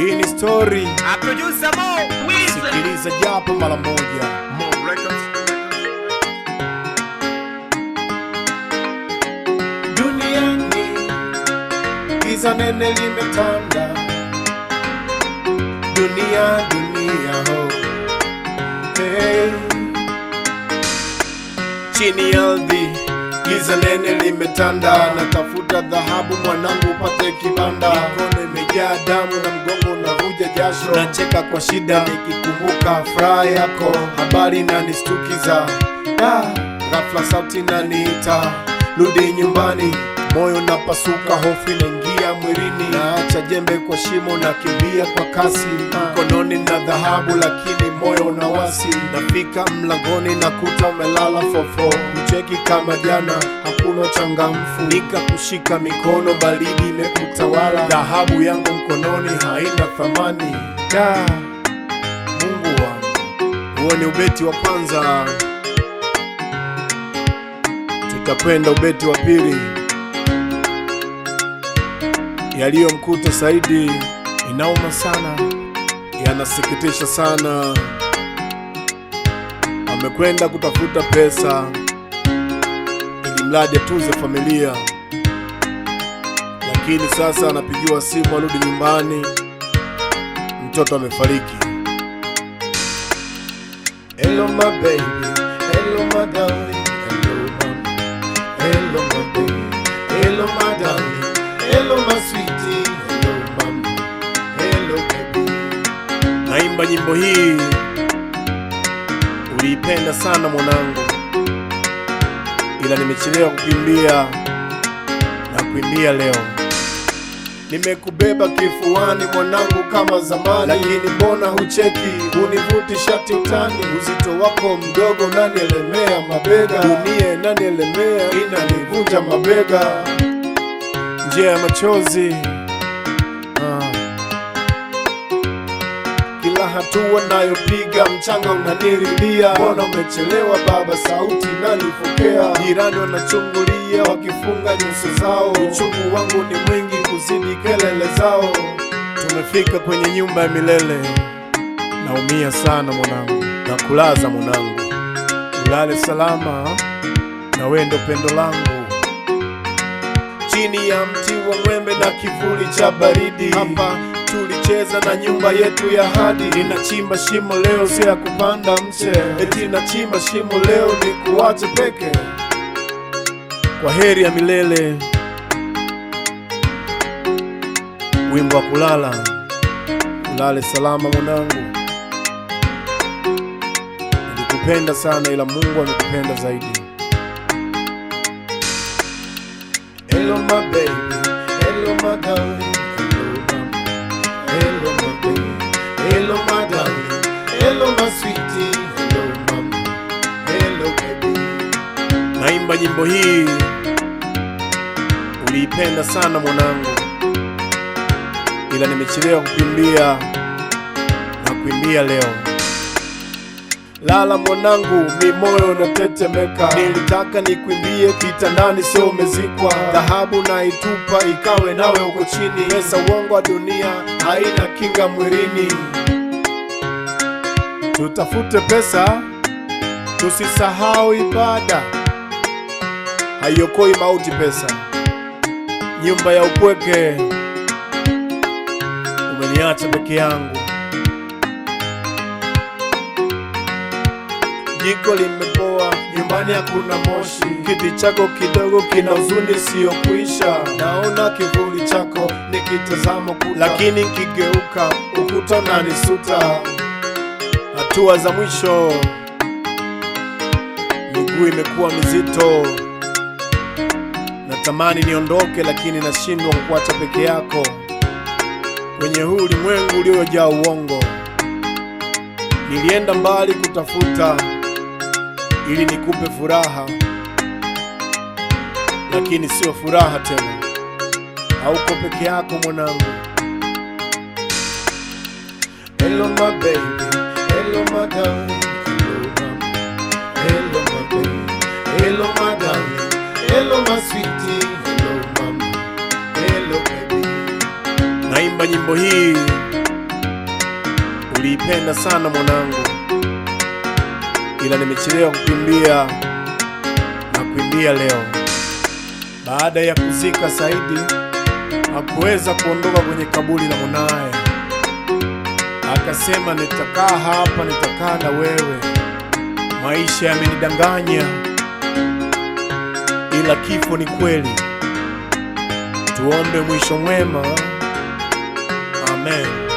Hii ni story. Sikiliza japo mara moja. Duniani giza nene limetanda, dunia dunia ho. Hey. Chini ya ardhi Giza nene limetanda, natafuta dhahabu mwanangu upate kibanda. Mikono imejaa damu na mgongo unavuja jasho, nacheka kwa shida nikikumbuka furaha yako. Habari nanistukiza ah, ghafla sauti naniita, rudi nyumbani. Moyo napasuka, hofu na kuingia mwilini, naacha jembe kwa shimo na kimbia kwa kasi, mkononi na dhahabu lakini moyo na wasi. Nafika mlangoni na kuta umelala fofo, mcheki kama jana, hakuna changamfu. kushika mikono, baridi imekutawala, dhahabu yangu mkononi haina thamani. Mungu wangu, huo ni ubeti wa kwanza, tutapenda ubeti wa pili. Yaliyomkuta Saidi inauma sana, yanasikitisha sana. Amekwenda kutafuta pesa ili mradi atunze familia, lakini sasa anapigiwa simu arudi nyumbani, mtoto amefariki. Hello my baby, hello my darling, hello my, hello my baby, hello my darling Hello my sweetie, hello mama, hello baby. Naimba nyimbo hii uliipenda sana mwanangu, ila nimechelewa kukimbia na kuimbia leo Nimekubeba kifuani mwanangu, kama zamani, lakini mbona hucheki? Univuti shati utani, uzito wako mdogo nanielemea mabega, dunia ina inanivunja mabega njia ya machozi uh. Kila hatua nayopiga mchanga unanirilia, mbona umechelewa baba? Sauti nalipokea, jirani wanachungulia wakifunga nyuso zao, uchungu wangu ni mwingi kuzidi kelele zao. Tumefika kwenye nyumba ya milele, naumia sana mwanangu, na kulaza mwanangu, ulale salama, na wewe ndo pendo langu chini ya mti wa mwembe na kivuli cha baridi hapa tulicheza na nyumba yetu ya hadi. inachimba shimo leo, si ya kupanda mche, eti inachimba shimo leo ni kuwache peke. Kwa heri ya milele, wimbo wa kulala. Ulale salama mwanangu, nilikupenda sana, ila Mungu amekupenda zaidi. Hello, my baby. Hello, my darling. Hello, my baby. Hello, my darling. Hello, my sweetie. Hello, mama. Hello, baby. Naimba nyimbo hii, uliipenda sana mwanangu, ila nimechelewa kukimbia na kuimbia leo lala mwanangu, mi moyo unatetemeka. Nilitaka nikuimbie kitandani, sio umezikwa. Dhahabu na itupa ikawe nawe uko chini. Pesa uongo wa dunia haina kinga mwilini. Tutafute pesa, tusisahau ibada. Haiokoi mauti pesa, nyumba ya upweke. Umeniacha peke yangu jiko limepoa, nyumbani hakuna moshi, kiti chako kidogo kina huzuni kuisha, Naona kivuli chako nikitazama kuta, lakini kigeuka ukuta na nisuta. Hatua za mwisho, miguu imekuwa mizito, natamani niondoke, lakini nashindwa kukuacha peke yako kwenye huu ulimwengu uliojaa uongo. Nilienda mbali kutafuta ili nikupe furaha, lakini sio furaha tena. Hauko peke yako mwanangu. Hello my baby, hello my darling, hello my baby, hello my darling, hello my sweetie, hello mama, hello baby. Naimba nyimbo hii uliipenda sana mwanangu ila nimechelewa kukimbia na kuimbia leo. Baada ya kuzika Saidi, hakuweza kuondoka kwenye kaburi la mwanaye, akasema nitakaa hapa, nitakaa na wewe. Maisha yamenidanganya, ila kifo ni kweli. Tuombe mwisho mwema, amen.